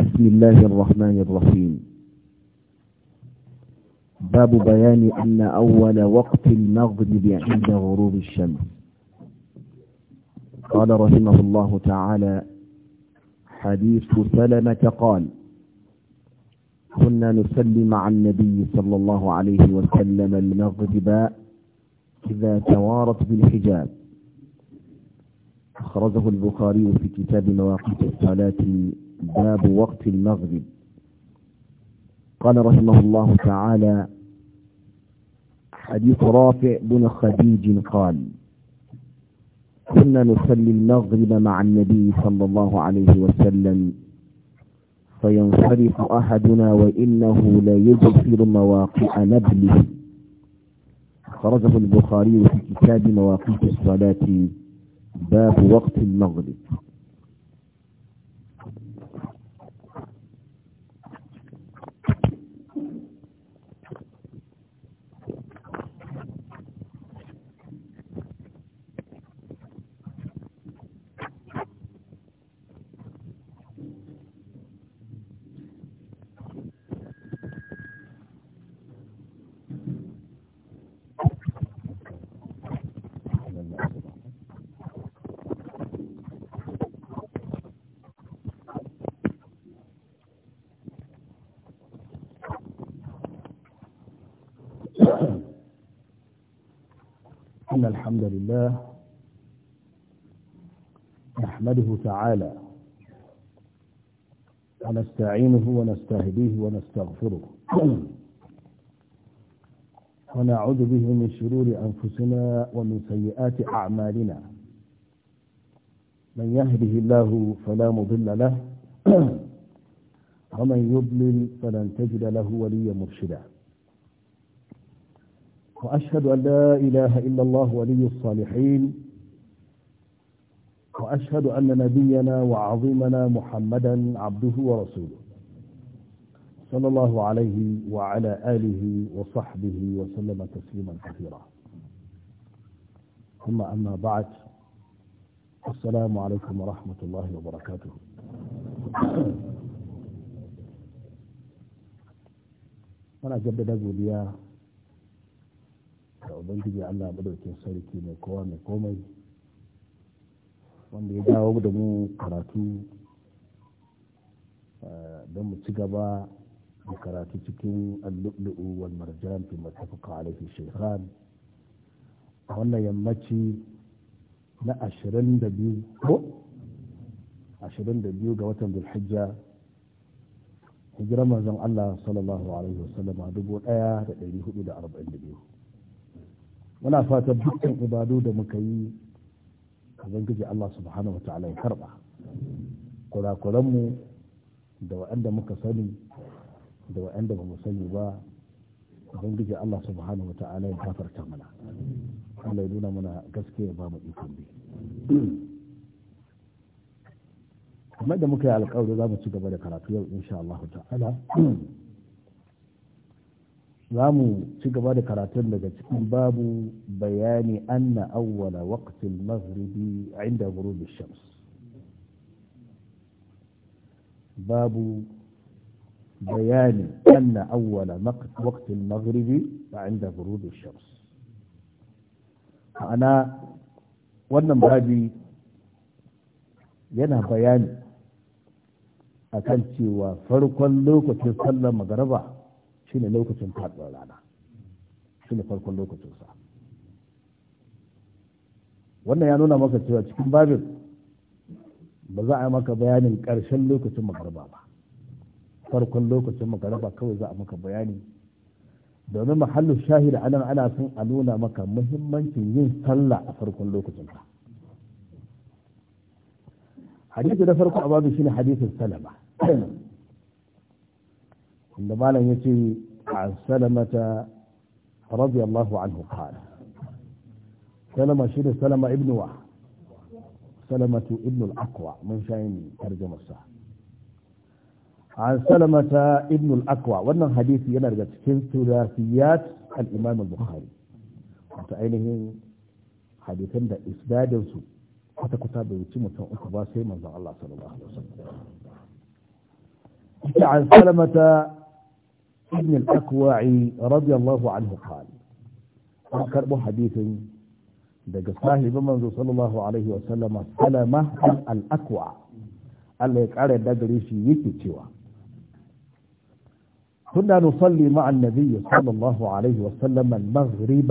بسم الله الرحمن الرحيم باب بيان أن أول وقت المغرب عند غروب الشمس قال رحمه الله تعالى حديث سلمة قال كنا نسلم عن النبي صلى الله عليه وسلم المغرب إذا توارت بالحجاب أخرجه البخاري في كتاب مواقيت الصلاة باب وقت المغرب قال رحمه الله تعالى حديث رافع بن خديج قال كنا نصلي المغرب مع النبي صلى الله عليه وسلم فينصرف أحدنا وإنه لا يغفر مواقع نبله خرجه البخاري في كتاب مواقيت الصلاة باب وقت المغرب إن الحمد لله نحمده تعالى ونستعينه ونستهديه ونستغفره ونعوذ به من شرور أنفسنا ومن سيئات أعمالنا من يهده الله فلا مضل له ومن يضلل فلن تجد له وليا مرشدا وأشهد أن لا إله إلا الله ولي الصالحين وأشهد أن نبينا وعظيمنا محمدا عبده ورسوله صلى الله عليه وعلى آله وصحبه وسلم تسليما كثيرا ثم أما بعد السلام عليكم ورحمة الله وبركاته أنا جدد أقول يا da ubangiji allah madaukin sarki mai kowa mai komai wanda ya dawo da mu karatu eh, don mu ci gaba da karatu cikin allu'lu'u wal marjan fi matafaka alaihi shekhan a wannan yammaci na 22 ko 22 ga watan zulhijja hijirar manzon allah sallallahu alaihi wasallama 1442 muna fata dukkan ibadu da muka yi ubangiji Allah subhanahu wa ta'ala ya karba kurakuranmu da waɗanda muka sani da waɗanda ba mu sani ba ubangiji Allah subhanahu wa ta'ala ya gafarta mana Allah ya nuna mana gaskiya ba mu ikon bi kamar da muka yi alƙawari za mu ci gaba da karatu yau insha Allah ta'ala za mu ci gaba da karatun daga cikin babu bayani anna awwala waqtil maghribi inda ghurubi shams babu bayani anna awwala waqtil maghribi inda ghurubi shams ma'ana wannan babi yana bayani akan cewa farkon lokacin sallar magaraba shine lokacin faɗuwar rana shine farkon lokacin sa wannan ya nuna maka cewa cikin babin ba za a yi maka bayanin karshen lokacin magarba ba farkon lokacin magarba kawai za a maka bayani domin mahallu shahid anan ana son a nuna maka muhimmancin yin sallah a farkon lokacin ka hadisi da farko a babu shine hadisin salama inda malam ya عن سلمة رضي الله عنه قال سلمة شير سلمة ابن واحد سلمة ابن الأقوى من شاين ترجمة الصحة عن سلمة ابن الأقوى وأن حديث ينرجع في ثلاثيات الإمام البخاري wata ainihin hadisan da isdadinsu وسوء kuta bai wuce mutum uku ba sai manzon Allah sallallahu alaihi wasallam ibn al-akwa'i radiyallahu anhu qal an karbo hadithin daga sahibin manzo sallallahu alaihi wa sallama salama al-akwa Allah ya kare shi yake cewa كنا نصلي مع النبي صلى الله عليه وسلم المغرب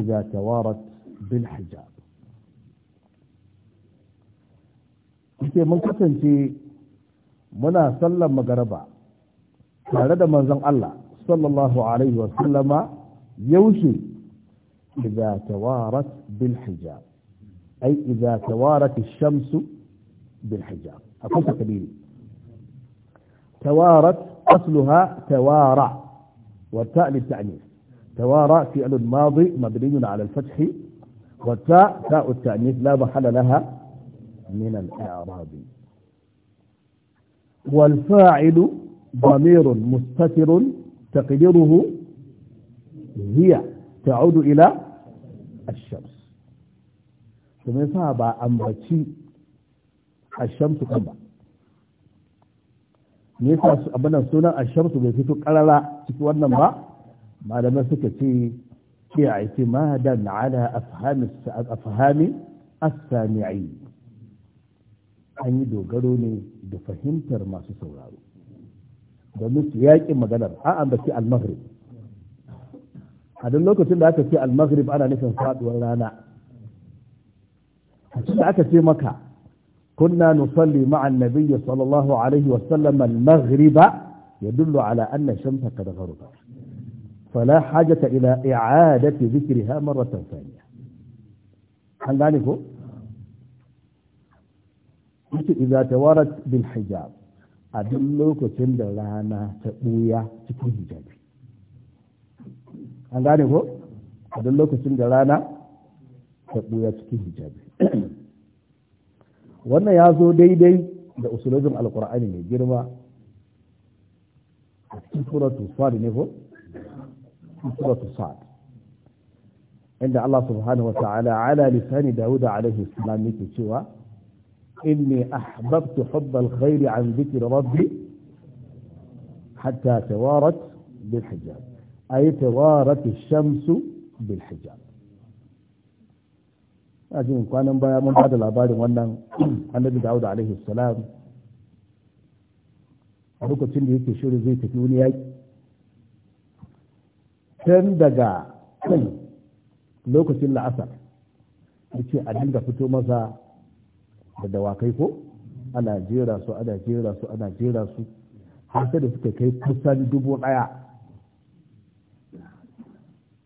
إذا توارت بالحجاب ke mun kasance muna sallan magaraba tare da manzon Allah sallallahu alaihi wa sallama yaushe idza tawarat bil hijab ay idza tawarat ash-shams bil hijab akwai kabiri tawarat asluha tawara والتاء للتعنيف توارى فعل ماضي مبني على الفتح والتاء تاء التأنيث لا محل لها من الإعراب والفاعل ضمير مستتر تقديره هي تعود إلى الشمس ثم يسابع أمرتي الشمس كما nesa abin sunan ashamsu bai fito ƙarara ciki wannan ba malamai suka ce ke i'timadan ala afhami afhami as-sami'in an yi dogaro ne da fahimtar masu sauraro domin su yaƙin maganar a an ambaci al-maghrib a duk lokacin da aka ce al-maghrib ana nufin faduwar rana cikin aka ce maka kunna nusalli ma'a an-nabiy sallallahu alaihi wa sallam al-maghriba yadullu ala anna shamsa qad gharabat فلا حاجة إلى إعادة ذكرها مرة ثانية هل ذلك إذا توارت بالحجاب a duk lokacin da rana ta ɓuya cikin hijabi an gane ko a duk lokacin da rana ta ɓuya cikin hijabi wannan ya zo daidai da usulobin alkur'ani mai girma a cikin suratu sa'ad ne ko suratu sa'ad inda Allah subhanahu wa ta'ala ala lisani Dawuda alaihi salam yake cewa إني أحببت حب الخير عن ذكر ربي حتى توارت بالحجاب أي توارت الشمس بالحجاب أجل كان بايا من بعد الأبار وأن النبي داود عليه السلام أبوك تندي هيك شوري زي تكيوني أي تندقى لوك تندقى أثر لكي أدنقى فتو مزا da dawakai ko ana jera su ana jera su ana jera su har sai da suka kai kusan dubu ɗaya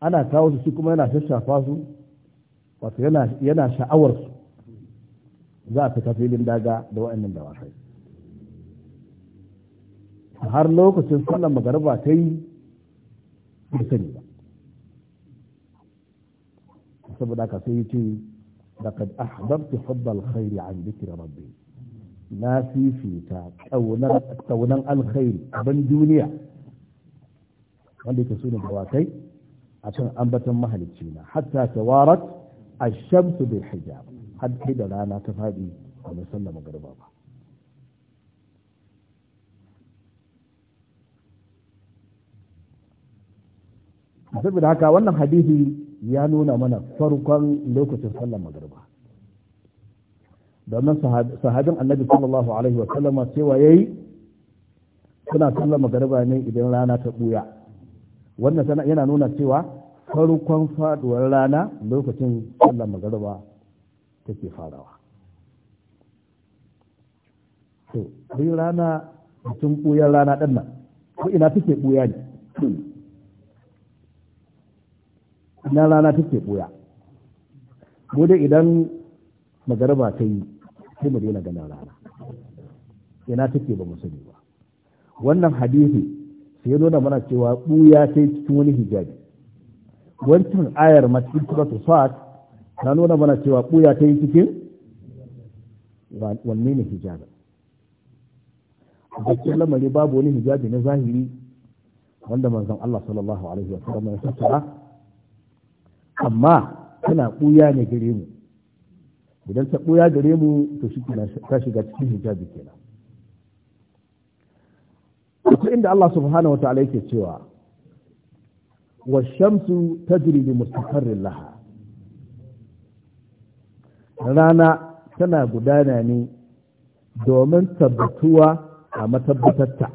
ana kawo su kuma yana shashafa su wato yana sha'awar su za a fita filin daga da wa'annan dawakai har lokacin sallar magariba ta yi da sani ba saboda ka sai ce لقد أحضرت حب الخير عن ذكر ربي ما في في تاك أولا الخير بن دونيا وليك سنة بواكي عشان أنبت مهل الشينا حتى توارت الشمس بالحجاب حد كده لا ناتف هذه ونسلم مغربا Sabi da haka حديثي ya nuna mana farkon lokacin sallar magariba domin sahabin annabi sallallahu alaihi wa sallama cewa yayi suna sallar magariba ne idan rana ta buya wannan yana nuna cewa farkon faduwar rana lokacin sallar magariba take farawa to rana mutum buyar rana ɗan nan ko ina take buya ne na rana take ɓoya mu dai idan magaraba ta yi sai mu daina ganin rana ina take ba musulmi ba wannan hadisi sai ya nuna mana cewa ɓuya ta yi cikin wani hijabi wancan ayar macikin suratul fat na nuna mana cewa ɓuya ta yi cikin wanne ne hijabi gaskiyar lamari babu wani hijabi na zahiri wanda manzon Allah sallallahu alaihi wa sallam ya tattara amma tana ɓuya ne gare mu idan ta ɓuya gare mu to shi ta shiga cikin hijabi kenan akwai inda Allah subhanahu wa ta'ala yake cewa wa shamsu tajri li mustaqarrin laha rana tana gudana ne domin tabbatuwa a matabbatarta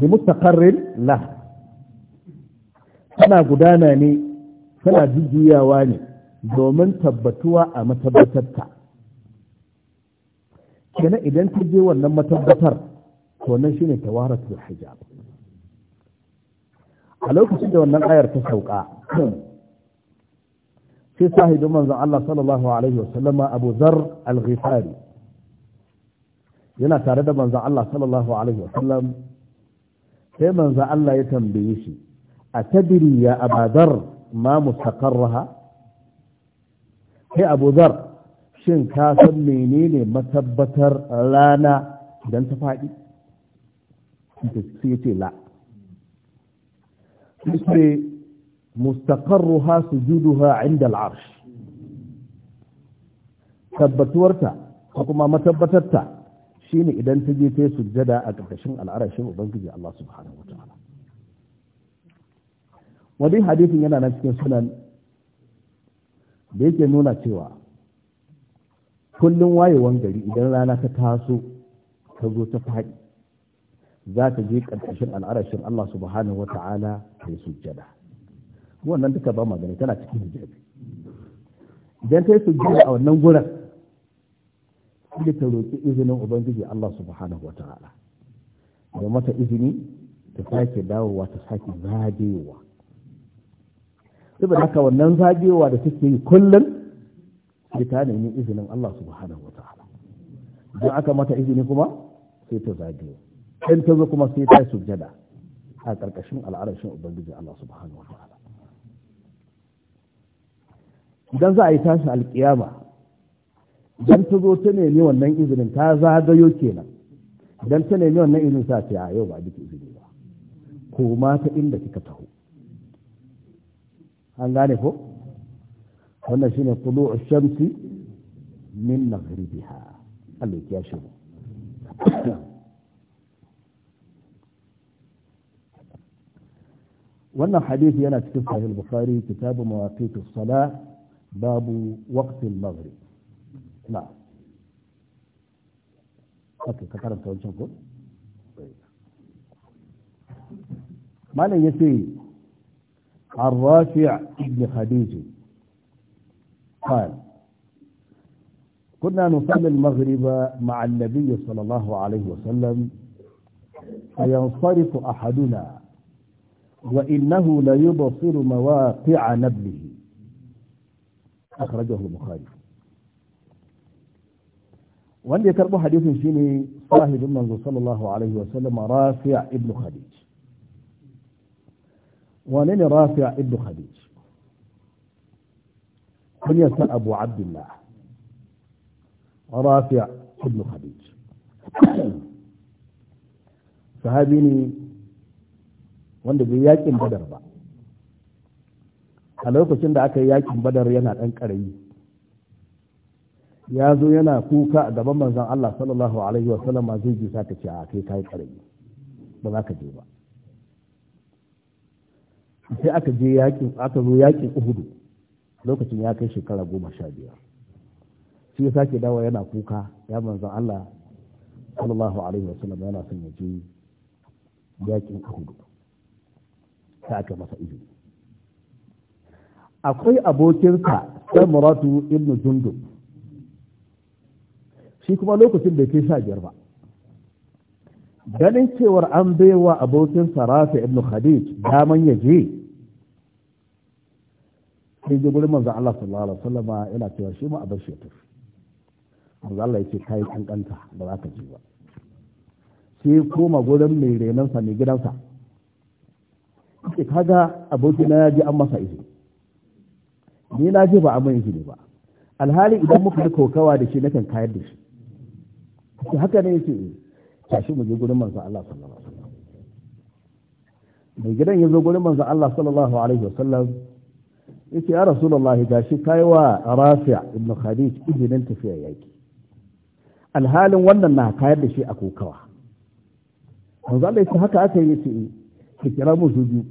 bi mustaqarrin laha tana gudana ne tana jujjuyawa ne domin tabbatuwa a matabbatarta kenan idan ta je wannan matabbatar to nan shine tawaratul hijab a lokacin da wannan ayar ta sauka sai sahibin manzon Allah sallallahu alaihi wasallam Abu Zar al-Ghifari yana tare da manzon Allah sallallahu alaihi wasallam sai manzon Allah ya tambaye shi a tabiri ya abadar ma mustaqarraha kai Abu Dhar shin ka menene matabbatar rana idan ta faɗi sai ce la sai mustaqarruha sujuduha inda al'arsh tabbatuwarta ko kuma matabbatarta shine idan ta je ta sujjada a ƙarƙashin al'arashin ubangiji Allah subhanahu wa ta'ala wani hadisin yana nan cikin sunan da yake nuna cewa kullum wayewan gari idan rana ta taso ta zo ta faɗi za ta je ƙarƙashin al'arashin Allah subhanahu wa ta'ala ta yi sujjada wannan duka ba magana tana cikin hijabi idan ta yi sujjada a wannan gurin sai ta roƙi izinin ubangiji Allah subhanahu wa ta'ala da mata izini ta sake dawowa ta sake zagewa saboda haka wannan zagewa da suke yi kullum sai ta nemi izinin Allah subhanahu wa ta'ala idan aka mata izini kuma sai ta zage in ta zo kuma sai ta sujjada a ƙarƙashin al'arashin ubangiji Allah subhanahu wa ta'ala idan za a yi tashi alƙiyama idan ta zo ta nemi wannan izinin ta zagayo kenan idan ta nemi wannan izinin sa ta yau ba duk izini ba ko mata inda kika taho أن ذلك هنا شين طلوع الشمس من مغربها قال يا شنو وانا حديث انا في البخاري كتاب مواقيت الصلاة باب وقت المغرب نعم اوكي كتابة وانشان قول طيب. ما لن يسير عن رافع بن خديج قال كنا نصلي المغرب مع النبي صلى الله عليه وسلم فينصرف أحدنا وإنه ليبصر مواقع نبله أخرجه البخاري وعندي ya حديث شيني صاحب النبي صلى الله عليه وسلم رافع ابن خديج wane ne a ibu khadij kunyarsa abu abdullah a ibu khadij sahabi ne wanda bai yakin badar ba a lokacin da aka yi yakin badar yana ɗan ƙarayi ya zo yana kuka a gaban manzan Allah sallallahu alaihi wasallam zai ji sa ta ce a kai kai ƙarayi ba za ka je ba sai aka je yakin aka zo yakin uhudu lokacin ya kai shekara goma sha biyar shi ya sake dawo yana kuka ya manzan Allah sallallahu alaihi wa sallam yana son ya je yakin uhudu sai aka masa izini akwai abokinsa muratu ibnu jundub shi kuma lokacin bai kai sha biyar ba ganin cewar an baiwa abokin sarafi ibn khadij daman ya je sai ji gurin manzon Allah sallallahu alaihi wasallam yana cewa shi ma a bar shi tafi manzon Allah yake kai kankanta ba za ka je ba sai koma gurin mai renansa mai gidansa sai kaga abokina ya ji an masa izini ni na ji ba amma mai izini ba alhali idan muka yi kokawa da shi nakan kayar da shi haka ne yake eh. tashi mu je gurin manzon Allah sallallahu alaihi mai gidan ya zo gurin manzon Allah sallallahu alaihi wasallam yace ya rasulullahi gashi kai wa rafi' ibn khadij izinin tafiya yaki alhalin wannan na kayar da shi a kokawa manzon Allah yace haka aka yi yace eh, ki kira mu su biyu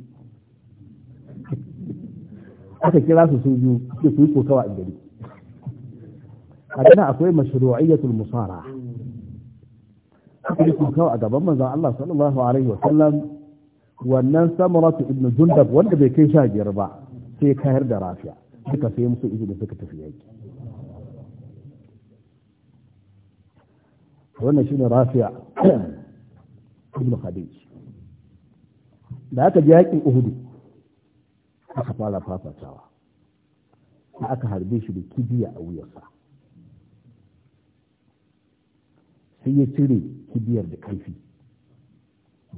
aka kira su su biyu su kokawa a gari a akwai mashru'iyyatul musara أخبركم كوا أدبا ماذا الله صلى الله عليه وسلم وأنن سمرة ابن جندب وأنه بيكي شاجي ربع في كهر درافع بك في مصر إذن فك تفيعي وأنه شنو رافع ابن خديج بعد جاك الأهدي أخفى على فاطة شاوة أكهر بيش بكبية أو يصح sai ya cire kibiyar da ƙarfi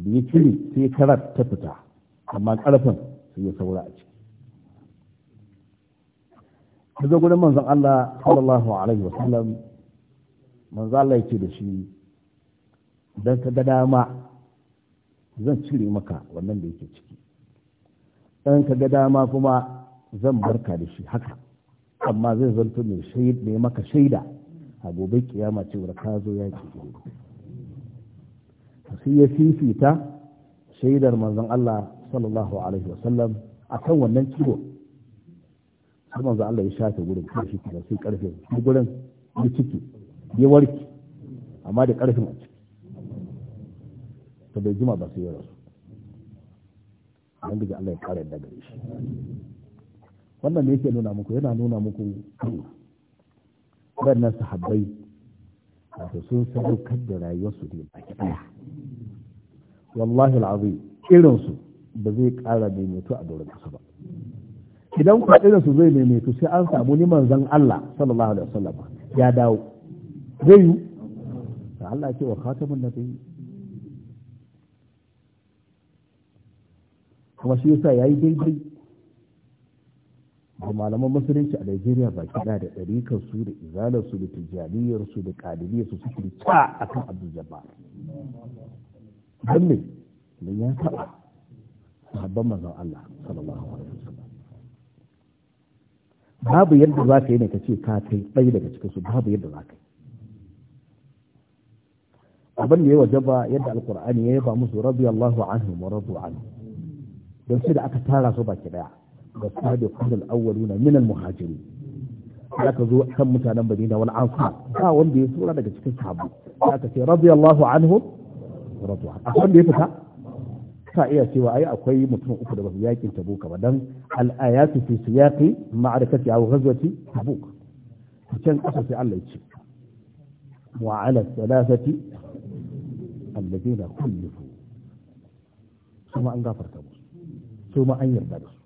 da ya cire sai karar ta fita amma karfin sai ya saura a ciki da zo gudun manzan Allah sallallahu alaihi wasallam manzan Allah yake da shi don ka ga dama zan cire maka wannan da yake ciki don ka ga dama kuma zan barka da shi haka amma zai zanto mai maka shaida a gobe kiyama cewar ka zo yaki sai ya fifita shaidar manzon Allah sallallahu alaihi wasallam akan wannan ciwo har manzon Allah ya shafe gurin ko shi kuma sai karfe gurin ya ciki ya warke amma da karfin a ciki to bai jima ba sai ya rasu ubangiji Allah ya kare daga shi wannan ne yake nuna muku yana nuna muku waɗannan sahabbai wato sun sadaukar da rayuwarsu ne baki ɗaya wallahi al'azim irinsu ba zai ƙara maimaito a doron ƙasa ba idan kuma irinsu zai maimaito sai an samu ni manzon Allah sallallahu alaihi wasallam ya dawo zai yi Allah ce wa khatamun nabi kuma shi yasa yayi daidai da malaman musulunci a Najeriya ba kiɗa da ɗarikan su da izalar su da tijaniyar su da kadiliyar su suke ta akan Abdul Jabbar don me don ya taɓa sahabban manzon Allah sallallahu alaihi wasallam babu yadda za ka yi ne ka ce ka kai ɗaya daga cikin su babu yadda za ka yi abin da ya wajaba yadda alkur'ani ya yaba musu radiyallahu anhu wa radu anhu don sai da aka tara su baki ɗaya. ga sabiqun al-awwaluna min al-muhajirin aka zo kan mutanen Madina wal ansar ba wanda ya tsora daga cikin sahabbai aka ce radiyallahu anhu radwa Akwai wanda ya fita ka iya cewa ai akwai mutum uku da ba su yakin Tabuk ba dan al-ayatu fi siyaqi ma'arakati aw ghazwati Tabuk can kasa sai Allah ya ce wa ala thalathati alladhina kullifu kuma an gafarta musu kuma an yarda da su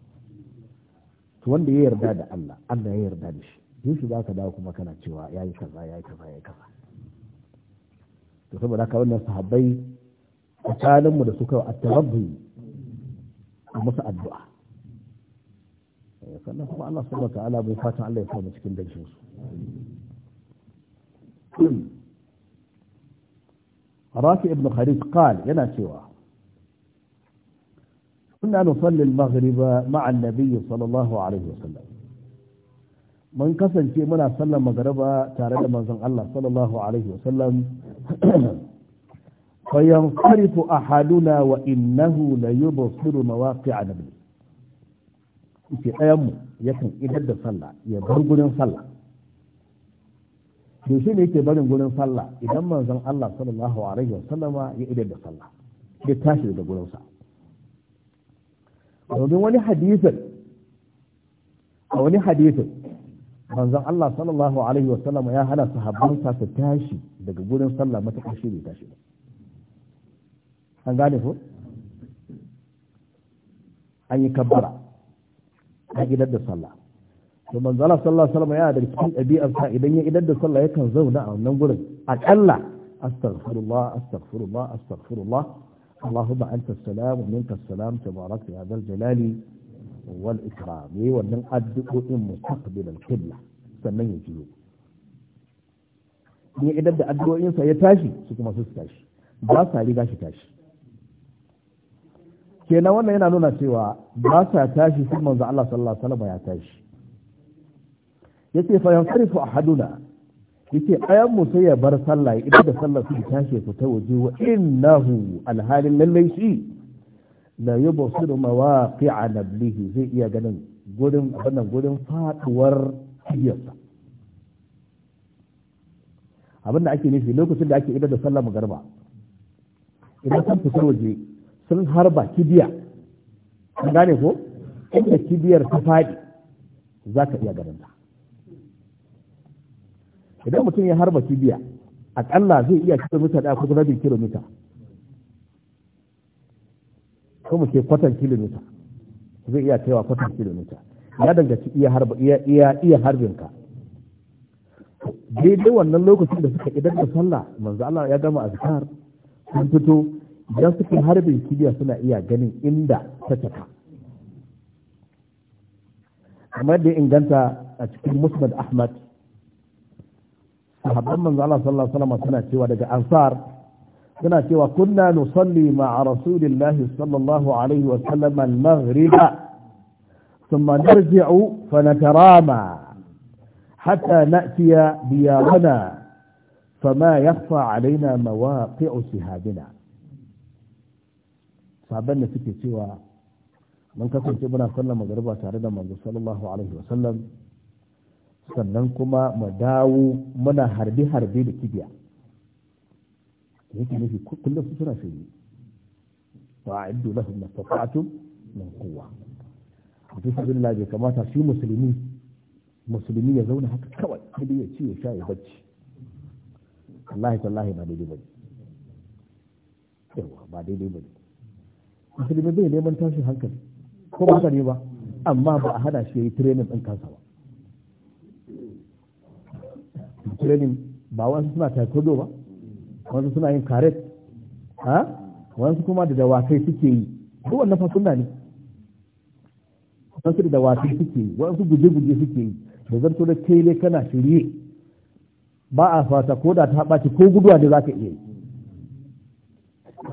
to wanda ya yarda da Allah Allah ya yarda da shi yushi za ka dawo kuma kana cewa ya yi kaza ya yi kaza ya yi kaza to saboda haka wannan sahabbai tsakaninmu da suka a a musu addu'a eh, sannan kuma Allah subhanahu ta'ala bai fatan Allah ya sa cikin danshin su hmm. Rafi ibn Khalid qal yana cewa mana mafallin magariba muna annabiyu salallahu alaihi wa salam man kasance mana sallar magariba tare da manzan allah salallahu alaihi wa salam fayan karifu a haduna wa inahu na yuba firina ya kan idar da sallah ya bar gurin sallah da shi ne ke barin gurin sallah idan manzan allah salallahu alaihi wa salam ya ita da sallah ya tashi da gulonsa. domin wani hadisin a wani hadisin manzon Allah sallallahu alaihi wa sallam ya hana sahabbansa su tashi daga gurin sallah mata shi bai tashi ba an gane ko an yi kabbara an idar da sallah to manzo Allah sallallahu alaihi wasallam yana da cikin ɗabi'ar sa idan ya idar da sallah yakan zauna a wannan gurin akalla astaghfirullah astaghfirullah astaghfirullah اللهم أنت السلام ومنك السلام تبارك يا ذا الجلال والإكرام ومن أدعو مستقبل القبلة sannan ya juyo idan da addu'o'insa ya tashi su kuma su tashi ba sa riga shi tashi kenan wannan yana nuna cewa ba sa tashi sun manzo Allah sallallahu alaihi wasallam ya tashi yace fa yansarifu ahaduna yake ayan mu sai ya bar sallah ita da sallah su tashi ku ta waje wa innahu alhalin lallai shi la yubsiru mawaqi'a nablihi zai iya ganin gurin wannan gurin faduwar kiyarsa abin da ake nufi lokacin da ake idar da sallah magarba idan sun fitar waje sun harba kibiya an gane ko inda kibiyar ta faɗi za ka iya ganin ta idan mutum ya harba kibiya akalla zai iya kilomita ɗaya ko rabin kilomita ko mu ke kwatan kilomita zai iya cewa kwatan kilomita ya danganci iya harba iya iya iya harbin ka daidai wannan lokacin da suka idan da sallah manzo Allah ya gama azkar sun fito idan suke harbin kibiya suna iya ganin inda ta taka kamar da inganta a cikin musnad ahmad sahabban manzo Allah sallallahu alaihi wasallam suna cewa daga ansar suna cewa kunna nusalli ma'a rasulillahi sallallahu alaihi wasallam al-maghriba ثم نرجع فنترامى hatta na'tiya ديارنا فما يخفى علينا مواقع شهادنا sabon da suke cewa mun kasance muna sallar magariba tare da manzo sallallahu alaihi wasallam sannan kuma mu dawo muna harbi-harbi da kibiya yake nufi kullum su suna shiri Ba a iddu lahum mastata'tum min kowa a sai Allah bai kamata shi musulmi musulmi ya zauna haka kawai sai ya ci ya sha ya bacci wallahi tallahi ba daidai bane yawa ba daidai ne musulmi bai neman tashin hankali ko ba ne ba amma ba a hada shi ya yi training ɗin kansa ba training ba wasu suna taekwondo ba wasu suna yin karet ha wasu kuma da dawakai suke yi ko wannan fa na ne wasu da dawakai suke yi wasu guje-guje suke yi da zarto da kele kana shirye ba a fata ko da ta haɓaci ko guduwa da za ka iya yi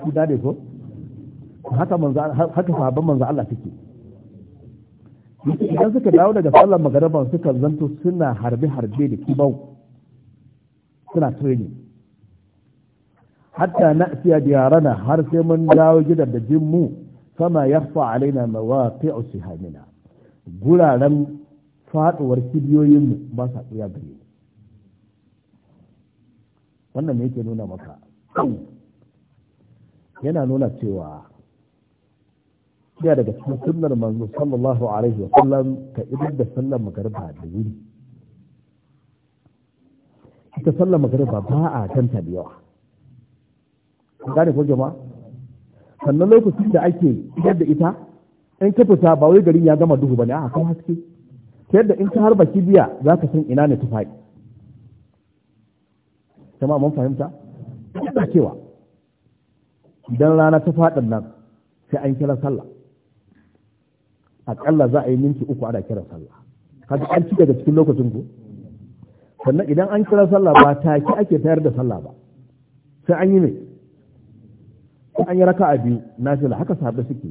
gida ne ko haka sahabban manzo Allah suke idan suka dawo daga sallar magaraban suka zanto suna harbe-harbe da kibau suna training hatta na siya diyarana har sai mun dawo gidan da jinmu sama ya fa alaina mawaqi'u Hamina. guraren faduwar kibiyoyin ba sa tsaya gare wannan ne yake nuna maka yana nuna cewa ya daga cikin sunnar manzo sallallahu alaihi wa sallam ka idar da sallar magariba da wuri ita sallar magariba ba a tanta da yawa gane ko jama'a sannan lokacin da ake fitar da ita in ka fita ba wai garin ya gama duhu ba ne a kan haske ta yadda in ka harba kibiya za ka san ina ne ta faɗi jama'a mun fahimta ina cewa idan rana ta faɗin nan sai an kira sallah aƙalla za a yi minti uku ana kira sallah kaji an ci daga cikin lokacin ku sannan idan an kira sallah ba take ake tayar da sallah ba sai an yi ne sai an yi raka a biyu na nafila haka sahabbai suke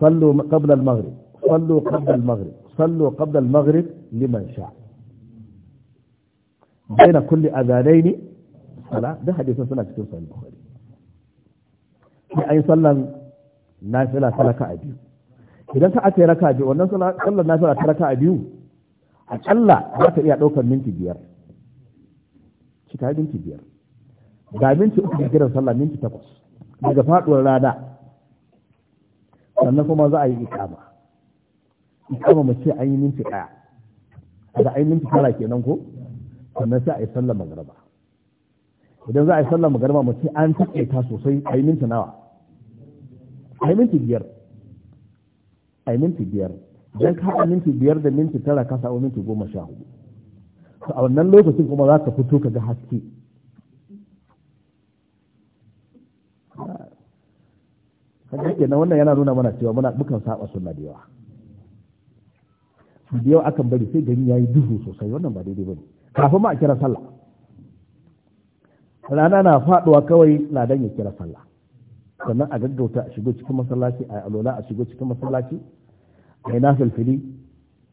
sallu qabla al-maghrib sallu qabla al-maghrib sallu qabla al-maghrib liman sha baina kulli adhanaini sala da hadisin suna cikin sahih bukhari sai an yi sallan nafila salaka a biyu idan ka ake yi raka a biyu wannan sallar nafila ta raka a biyu aƙalla za ta iya ɗaukar minti biyar cika minti biyar ga minti uku da sallah minti takwas daga faɗuwar rada sannan kuma za a yi ikama ikama mace an yi minti ɗaya daga an yi minti tara kenan ko sannan sai a yi sallar magaraba idan za a yi sallar magaraba mace ce an taƙaita sosai a yi minti nawa a yi minti biyar a yi minti biyar don ka haɗa minti biyar da minti tara ka samu minti goma sha hudu To a wannan lokacin kuma za ka fito ka ga haske kaga kenan wannan yana nuna mana cewa muna bukan saba sunna da yawa da yawa akan bari sai gani yayi duhu sosai wannan ba daidai bane kafin ma a kira sallah rana na faduwa kawai ladan ya kira sallah sannan a gaggauta a shigo cikin masallaci a alola a shigo cikin masallaci mai filfili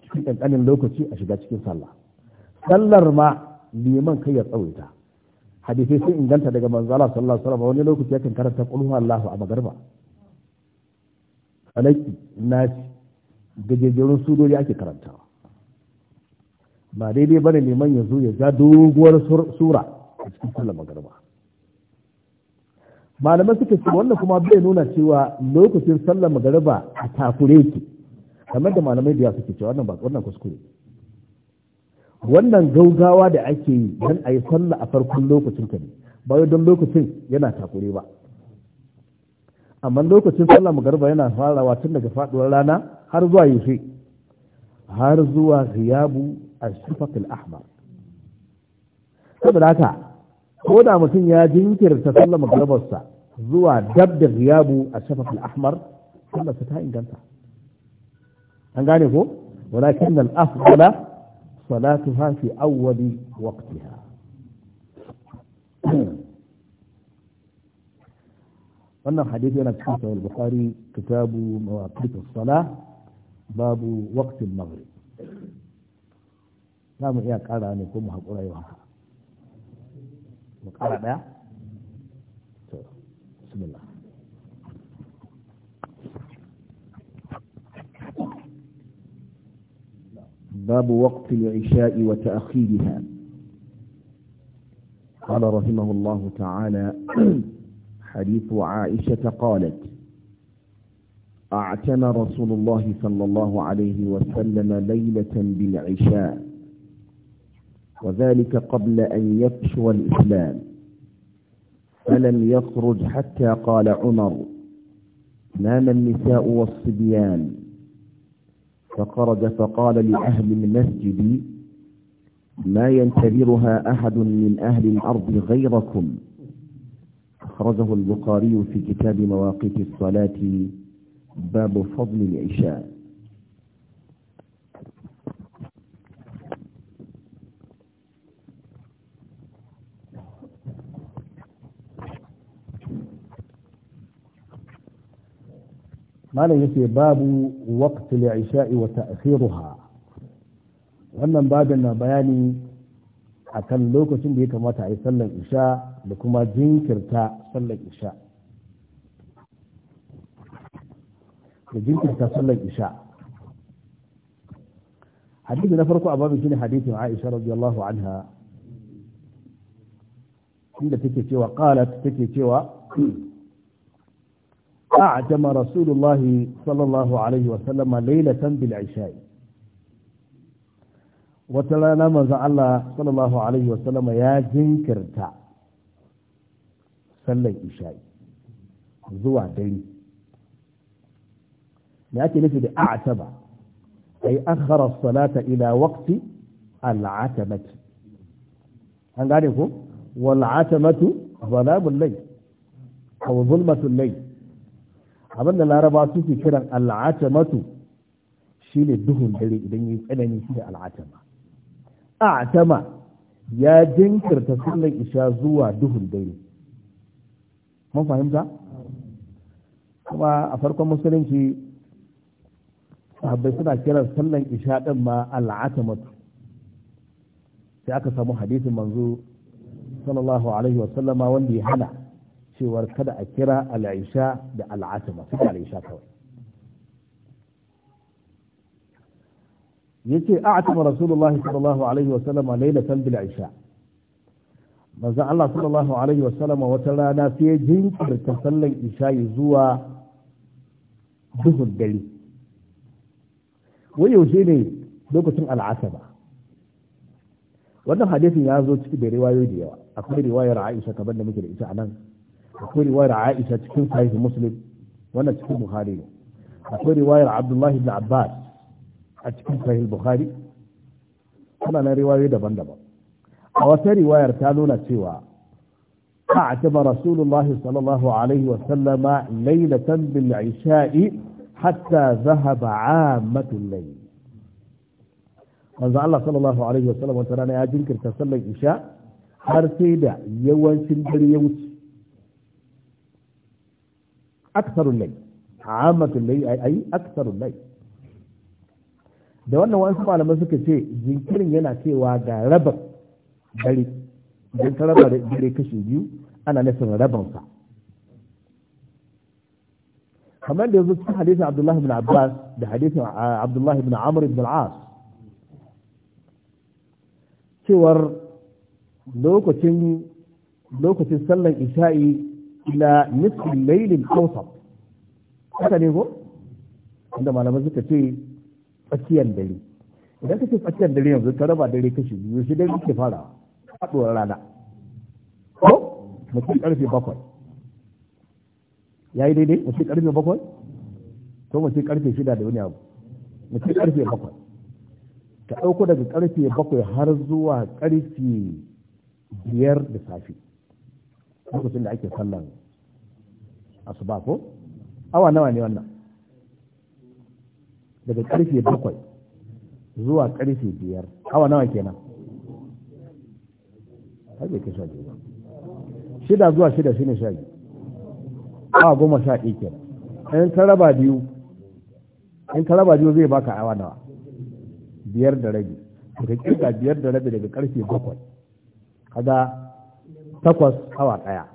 cikin ƙanƙanin lokaci a shiga cikin sallah sallar ma liman kai ya tsawaita hadisai sun inganta daga manzala sallallahu alaihi wasallam wani lokaci yakan karanta qul Allahu a magarba na da gajejerun surori ake karantawa ba daidai bane liman ya zo ya ja doguwar sura a cikin sallar magarba malamai suka ce wannan kuma bai nuna cewa lokacin sallar magarba a takure ki kamar da malamai da suke cewa wannan ba wannan kuskure wannan gaugawa da ake yi dan a yi sallah a farkon lokacin ka ne ba don lokacin yana takure ba amma lokacin sallah Garba yana farawa tun daga faduwar rana har zuwa yaushe har zuwa ghiyabu ashfaqil ahmar saboda haka ko da mutum ya jinkirta sallah magarbarsa zuwa dab da ghiyabu ashfaqil ahmar sallah ta inganta هنغاني هو ولكن الأفضل صلاتها في أول وقتها قلنا حديثنا في صحيح البخاري كتاب مواقيت الصلاة باب وقت المغرب لا يا قال أن يكون محب أريوها وقال بسم الله باب وقت العشاء وتأخيرها قال رحمه الله تعالى حديث عائشة قالت أعتنى رسول الله صلى الله عليه وسلم ليلة بالعشاء وذلك قبل أن يفشو الإسلام فلم يخرج حتى قال عمر نام النساء والصبيان فخرج فقال لأهل المسجد ما ينتظرها أحد من أهل الأرض غيركم أخرجه البخاري في كتاب مواقيت الصلاة باب فضل العشاء malam yake babu waqtul isha'i wa ta'khiruha wannan babin na bayani akan lokacin da ya kamata a yi sallar isha da kuma jinkirta sallar isha da jinkirta sallar isha hadisi na farko a babin shine hadisin Aisha radiyallahu anha inda take cewa qalat take cewa أعجم رسول الله صلى الله عليه وسلم ليلة بالعشاء وتلانا مزع الله صلى الله عليه وسلم يا جنكرتا صلى العشاء زوى دين لكن نفي أعتب أي أخر الصلاة إلى وقت العتمة هل تعرفوا والعتمة ظلام الليل أو ظلمة الليل abin da laraba suke kiran al'atamatu shi ne duhun dare idan yi tsanani shi ne al'atama a'tama ya jinkirta sallar isha zuwa duhun dare mun fahimta kuma a farkon musulunci sahabbai suna kiran sallar isha din ma al'atamatu sai aka samu hadisin manzo sallallahu alaihi wasallama wanda ya hana cewar kada a kira alaisha da al'atima su ala'isha kawai yace a'tima rasulullah sallallahu alaihi wa sallama lailatan bil isha manzo Allah sallallahu alaihi wa sallama wata rana sai jinkirta sallan isha zuwa duhun dare wai yaushe ne lokacin al'asaba wannan hadisin ya zo ciki da riwayoyi da yawa akwai riwayar Aisha kamar da muke da ita a nan akwai riwayar Aisha cikin sahih Muslim wannan cikin Bukhari ne akwai riwayar Abdullah ibn Abbas a cikin sahih Bukhari ana nan riwayoyi daban-daban a wata riwayar ta nuna cewa أعتب رسول الله صلى الله عليه وسلم ليلة بالعشاء حتى ذهب عامة الليل manzo Allah sallallahu alaihi wa wasallam wata rana ya jinkirta sallar isha har sai da yawancin dare ya wuce aksarun lai amatun lai ai aksarun lai da wannan wasu malamai suka ce jinkirin yana cewa ga raba dare idan ka raba dare kashi biyu ana nufin rabansa kamar da yanzu cikin hadisin abdullahi bin abbas da hadisin abdullahi bin amr ibn al-as cewar lokacin lokacin sallan isha'i ila nisfin lailin kawsar haka ne ko inda malamai suka ce tsakiyar dare idan ka ce tsakiyar dare yanzu ka raba dare kashi biyu shi dare ke fara haɗuwar rana ko mutum karfe bakwai ya yi daidai mutum karfe bakwai ko mutum karfe shida da wani abu mutum karfe bakwai ka ɗauko daga karfe bakwai har zuwa karfe biyar da safe lokacin da ake sallan asuba ko awa nawa ne wannan daga karfe bakwai zuwa karfe biyar awa nawa kenan har bai kai shida zuwa shida shine sha awa goma sha ɗaya kenan in ka raba biyu in ka raba biyu zai baka awa nawa biyar da rabi daga kirga biyar da rabi daga karfe bakwai Kada takwas awa ɗaya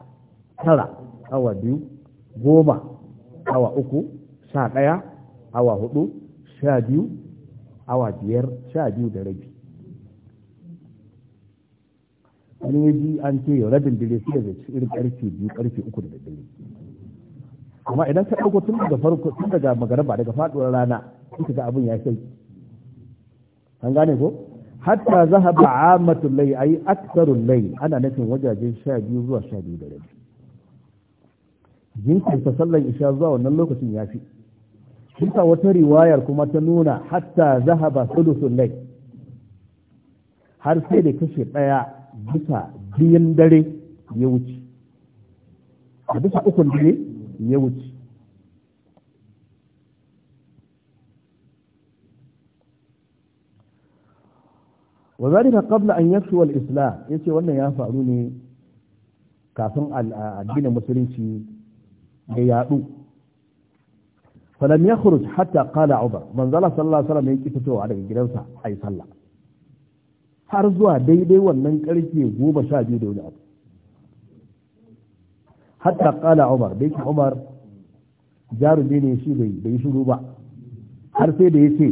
tara awa biyu goma awa uku sha ɗaya awa hudu sha biyu awa biyar sha biyu da rabi wani ya ji an ce yau rabin dare sai ya ci irin karfe biyu karfe uku da dare amma idan ka ɗauko tun daga farko tun daga magaraba daga faɗuwar rana ka ga abin ya kai. an gane ko hatta zahaba amatul layl ay aktharul layl ana nufin wajajen sha biyu zuwa sha biyu da rabi jinkirta sallar isha zuwa wannan lokacin ya fi bisa wata riwayar kuma ta nuna hatta zahaba sulusun lai har sai da kashe ɗaya bisa biyan dare ya wuce a bisa ukun dare ya wuce wa zalika qabla an yafshi wal islam yace wannan ya faru ne kafin addinin musulunci ya yaɗu. falam yakhruj hatta qala umar manzala sallallahu alaihi wasallam ya ki fitowa daga gidansa ai sallah har zuwa daidai wannan karfe goma sha biyu da wani abu hatta qala umar da umar jarumi ne shi bai bai shiru ba har sai da ya yace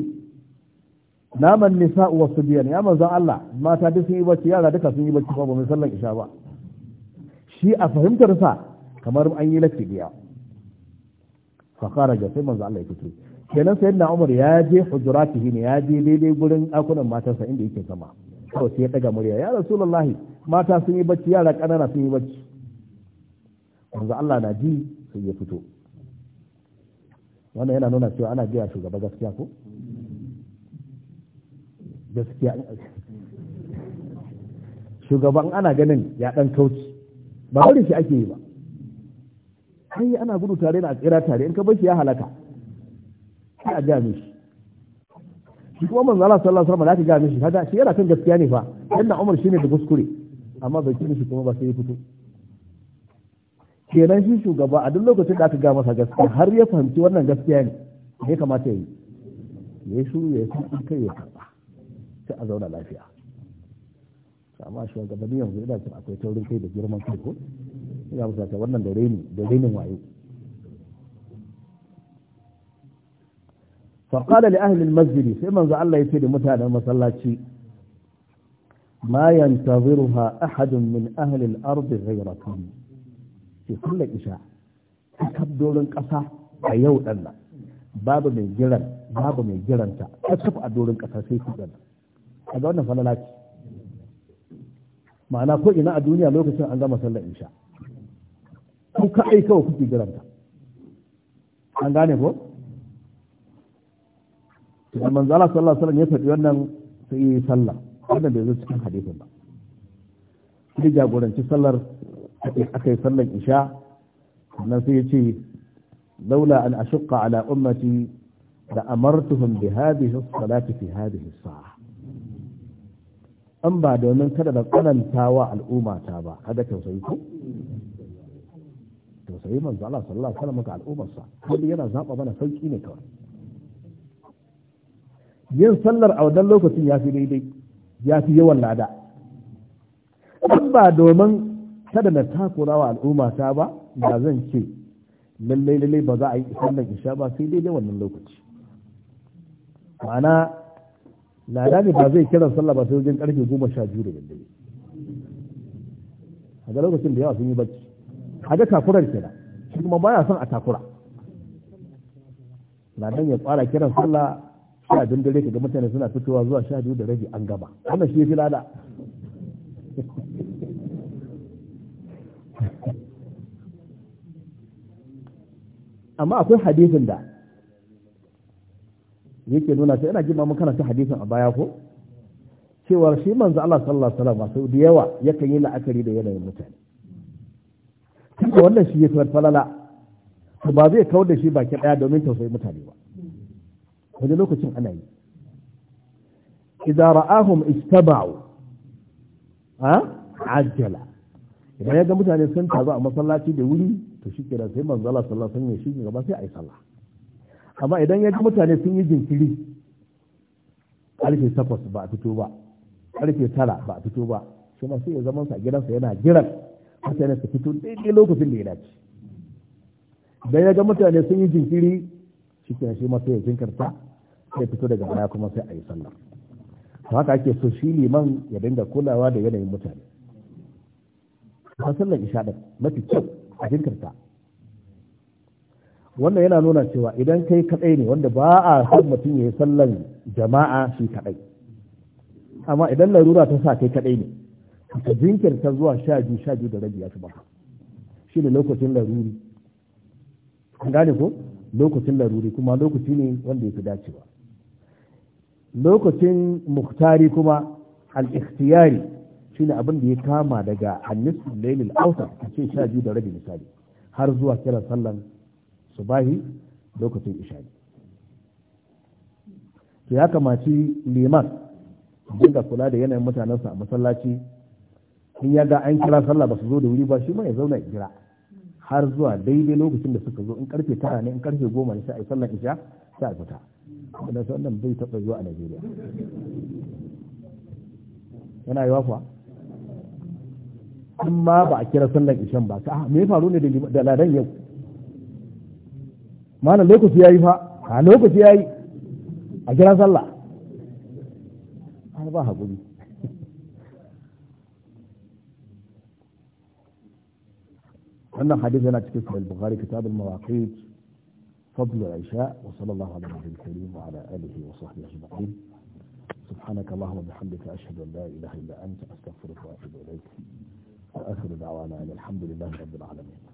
naman nisa'u wa biyan, ya manzo Allah mata duk sun yi bacci yara duka sun yi bacci ba mu sallan isha ba shi a fahimtar sa kamar an yi latti biya fa kharaja sai manzo Allah ya fito kenan na Umar ya je hujuratihi ne ya je daidai gurin akunan matarsa inda yake zama kawai sai ya daga murya ya rasulullahi mata sun yi bacci yara kanana sun yi bacci manzo Allah na ji sai ya fito wannan yana nuna cewa ana biya shugaba gaskiya ko gaskiya shugaban ana ganin ya dan kauci ba bari shi ake yi ba ai ana gudu tare na tsira tare in ka bar shi ya halaka sai a gane shi shi kuma manzo Allah sallallahu alaihi wasallam da ka gane shi kaga shi yana kan gaskiya ne fa inna Umar shine da kuskure amma bai kira shi kuma ba sai ya fito kenan shi shugaba a duk lokacin da aka ga masa gaskiya har ya fahimci wannan gaskiya ne ya kamata ya yi ya yi shuru ya san kai ya karba sai a zauna lafiya amma shugabanni yanzu ina cin akwai taurin kai da girman kai ko ina musu ta wannan da reni da renin wayo fa qala li ahli al-masjid sai manzo Allah yace da mutanen masallaci ma yantaziruha ahadun min ahli al-ardi ghayrakum fi kulli isha dorin kasa a yau dan nan babu mai jiran babu mai jiranta kaf a dorin kasa sai ku dan kaga wannan falala ce ma'ana ko ina a duniya lokacin an gama sallar isha ku ka aika wa kuke jiranta an gane ko idan manzo Allah sallallahu alaihi wasallam ya faɗi wannan sai yi sallah wannan bai zo cikin hadisin ba sai jagoranci sallar akai sallar isha sannan sai ya ce laula an ashqa ala ummati la amartuhum bi hadhihi as-salati fi hadhihi as-sa'a an ba domin kada da tsananta wa al'umma ta ba kada tausayi ku? yi manzo Allah sallallahu alaihi wasallam ga al'ummarsa kullu yana zaba mana sauki ne kawai yin sallar a wannan lokacin ya fi daidai ya fi yawan lada in ba domin kada na takura wa al'umma ta ba da zan ce lallai lallai ba za a yi sallar isha ba sai daidai wannan lokaci ma'ana lada ne ba zai kira sallah ba sai wajen karfe goma sha biyu da daddare a ga lokacin da yawa sun yi bacci a ga kafurar kira shi kuma baya son a takura Na nan ya fara kiran sallah sha biyun dare ka ga mutane suna fitowa zuwa sha biyu da rabi an gaba wannan shi fi lada amma akwai hadisin da yake nuna sai ina jima mun karanta hadisin a baya ko cewar shi manzo Allah sallallahu alaihi wasallam sau da yawa yakan yi la'akari da yanayin mutane da wannan shi ya falala to ba zai kawar da shi baki daya domin tausayi mutane ba wani lokacin ana yi idan ra'ahum istaba'u ha ajala idan ya ga mutane sun taru a masallaci da wuri to shi kira sai manzo Allah sallallahu alaihi wasallam ya gaba sai ayi sallah amma idan ya ga mutane sun yi jinkiri alfi takwas ba a fito ba alfi tara ba a fito ba kuma sai ya zama sa gidansa yana jiran mutane su fito daidai lokacin da ya dace dan ya ga mutane sun yi jinkiri shi ke shi masu ya jinkarta sai fito daga baya kuma sai a yi sallah to haka ake so shi liman ya dinga kulawa da yanayin mutane ba sallar isha mafi kyau a jinkarta wannan yana nuna cewa idan kai kadai ne wanda ba a son mutum ya yi sallar jama'a shi kadai amma idan larura ta sa kai kadai ne ka jinkirta zuwa sha biyu sha biyu da rabi ya fi maka shi ne lokacin laruri an gane ko lokacin laruri kuma lokaci ne wanda ya fi dacewa lokacin muhtari kuma al-ikhtiyari ne abin da ya kama daga lailin lailil awsat ce sha biyu da rabi misali har zuwa kiran sallan subahi lokacin ishari ya kamaci liman dinga kula da yanayin mutanensa a masallaci sun ya ga an kira sallah ba su zo da wuri ba shi ma ya zauna jira har zuwa daidai lokacin da suka zo in karfe tara ne in karfe goma ne sai a yi sallar isha sai a fita kuma sai wannan bai taɓa zuwa a Najeriya yana yi kuwa amma ba a kira sallar isha ba ka ah, me faru ne da ladan yau malam lokaci ya yi fa a ah, lokaci ya yi a kira sallah ba haƙuri wannan hadisi yana cikin sahih bukhari kitab al-mawaqit fadl al-isha wa sallallahu ala nabiyil karim wa ala alihi wa sahbihi ajma'in سبحانك اللهم وبحمدك أشهد أن لا إله إلا أنت أستغفرك وأتوب إليك وآخر دعوانا أن الحمد لله رب العالمين